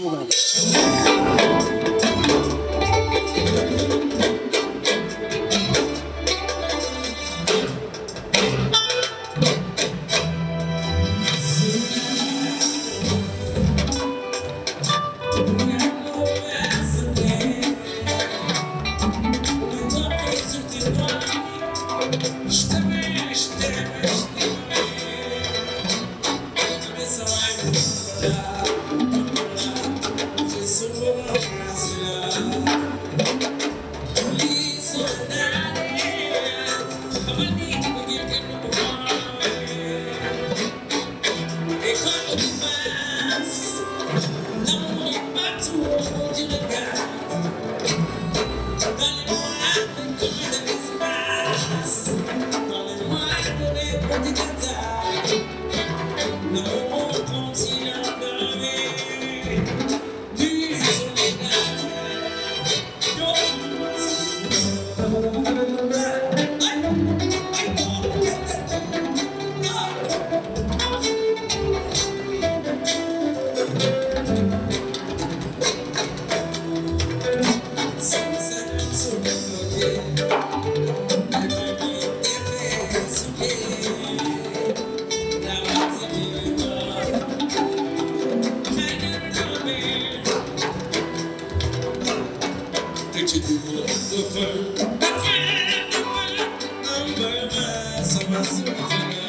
işim bu kadar. İşte böyle, işte böyle, işte böyle. Could you do me a favor? I'm by myself.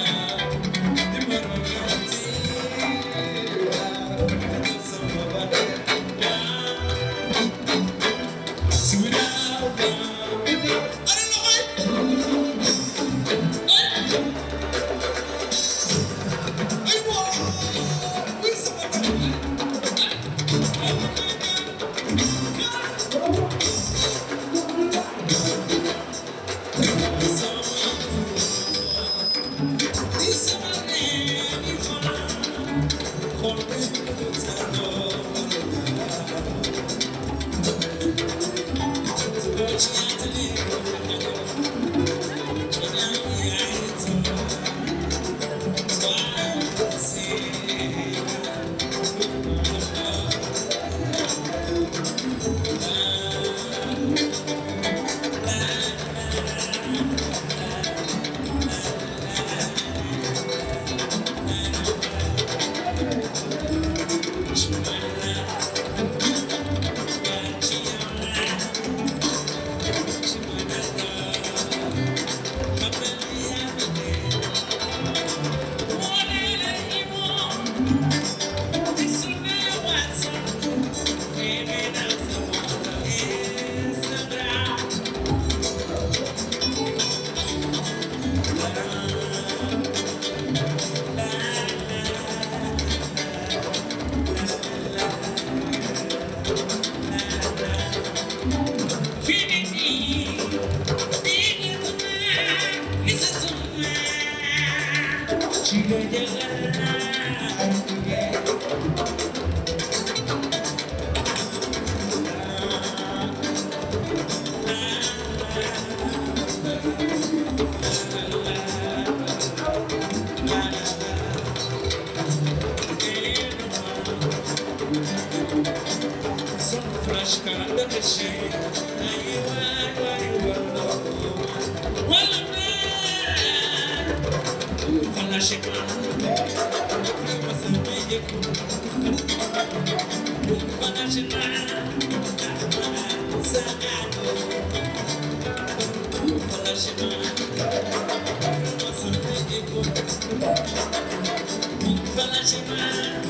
Sofra, escada, mexer, aí vai, vai, vai. наші класти, посадки, буква наші загадку, буква наші посадки, буква наші загадку.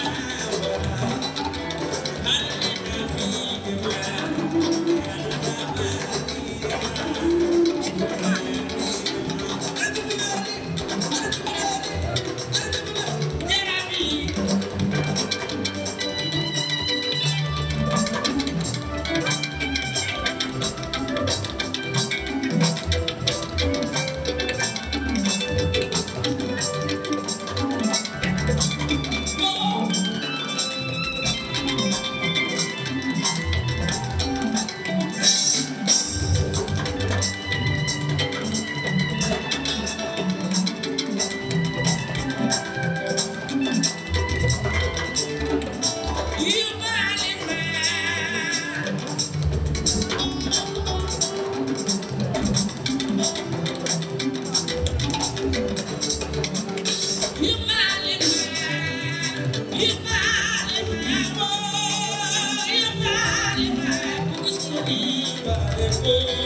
You.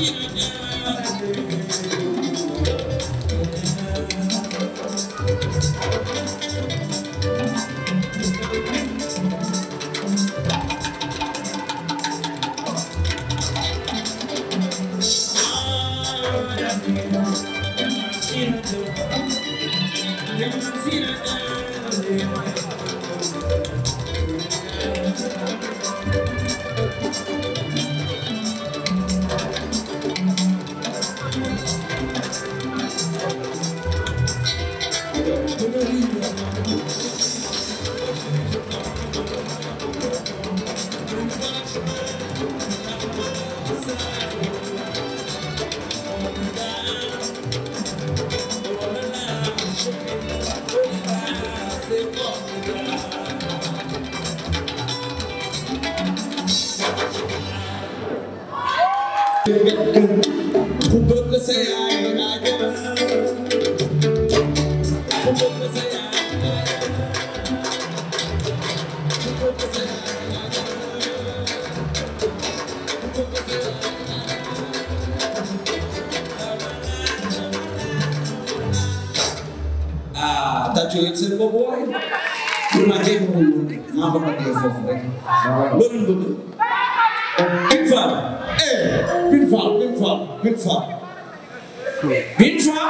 you doing? ku bëgg sa yaay dangaa jël ku bëgg sa yaay ah tàccu yi seen bopp waay pour ma jéem a wóor maa ko bëggee foofu rek loolu bëgg une femme et une femme Winzer. Winzer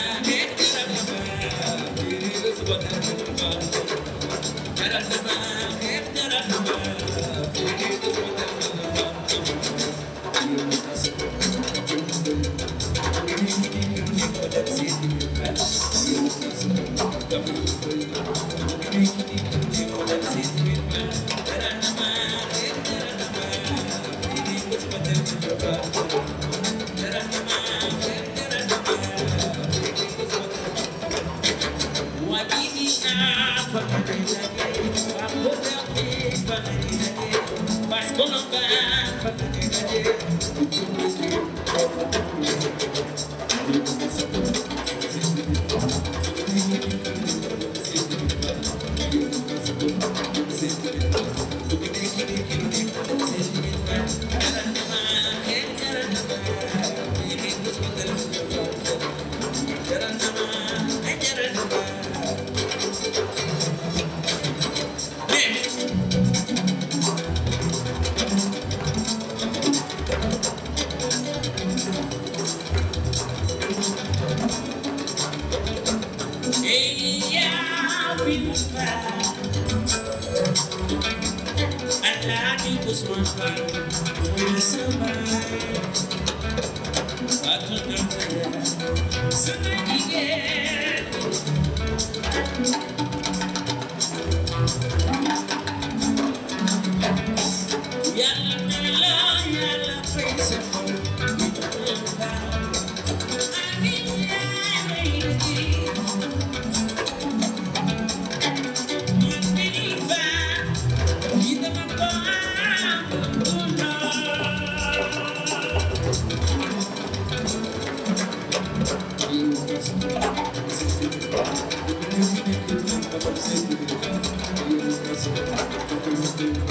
все-таки sempre, e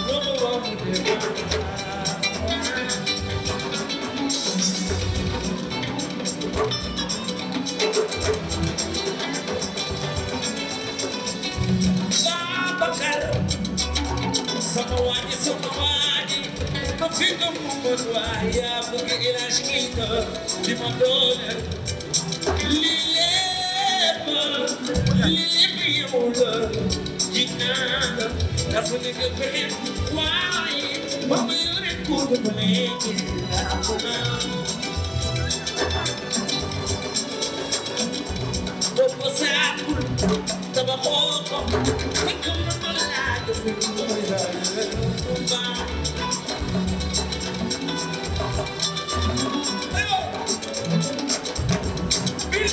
Sinto muito guaia porque era escrito de Madonna Lileba, Lileba muda de nada Na frente que eu perdi guai Como eu recudo bem Vou passar por tava roupa Ficou na malada, ficou na malada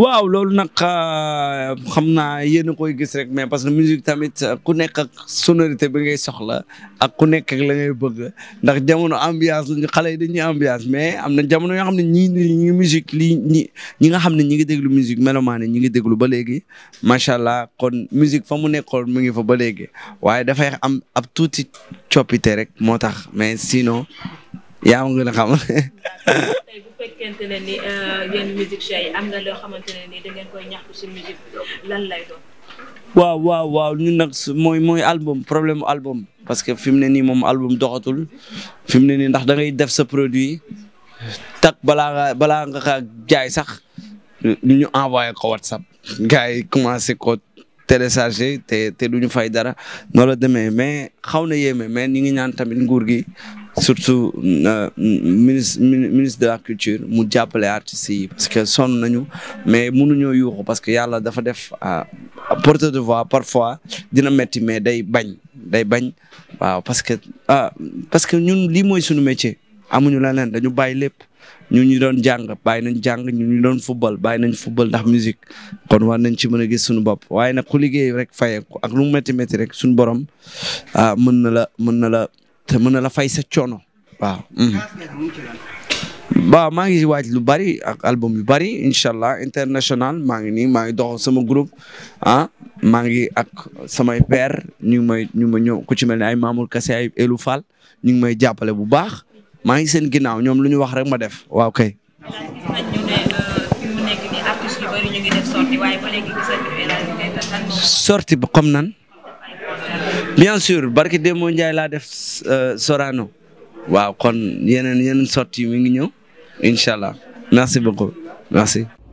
waaw loolu nag ah, xam naa yéen a koy gis rek mais parce que musique tamit ah, ku nekk ak sonorité bi ngay soxla ak ku nekk ak la ngay bëgg ndax jamono ambiance la xale yi dañuy ambiance mais am na jamono yoo xam ne ñii ñi ngi musique lii ñi ñi nga xam ne ñi ngi déglu musique mélomane ñi ngi déglu ba léegi macha allah kon musique fa mu nekkoon mu ngi fa ba léegi waaye dafay am ab tuuti coppite rek moo tax mais sinon yaa ma gën xam. Euh, waaw waaw waaw ñun nag mooy mooy album problème album parce que fi mu ne nii moom album doxatul fi mu ne nii ndax dangay def sa produit tak balaa balaa nga kaa jaay sax ñu envoyé ko WhatsApp gars yi commencé ko télécharger te te du ñu fay dara noonu la demee mais xaw na yéeme mais ñu ngi ñaan tamit nguur gi surtout euh, ministre ministre de la culture mu jàppale artistes yi parce que sonn nañu mais mënuñoo yuuxu parce que yàlla dafa def euh, porte de voix parfois dina metti mais day bañ day bañ waaw parce que ah parce que ñun lii mooy suñu métier amuñu leneen dañu bàyyi lépp ñu ñu doon jàng bàyyi nañ jàng ñu ñu doon football bàyyi nañ football ndax musique kon war nañ ci mën a gis suñu bopp waaye nag ku liggéey rek fayeeku ak lu mu métti métti rek suñu borom ah na la te mën na la fay sa coono mhm. waaw. maa ngi waaj lu bari ak album yu bari incha allah international maa ngi nii maa ngi doxal sama groupe ah, maa ngi ak samay père ñu ngi may ñu ñëw ku ci mel ni ay Mamour Kassé ay Elou ñu ngi may jàppale bu baax maa ngi seen ginnaaw ñoom lu ñu wax rek ma def waaw kay. sorti ba comme nan. bien sûr barki Demba Ndiaye laa def euh, Sorano waaw kon yeneen yeneen sorti mi ngi ñëw incha allah merci beaucoup merci.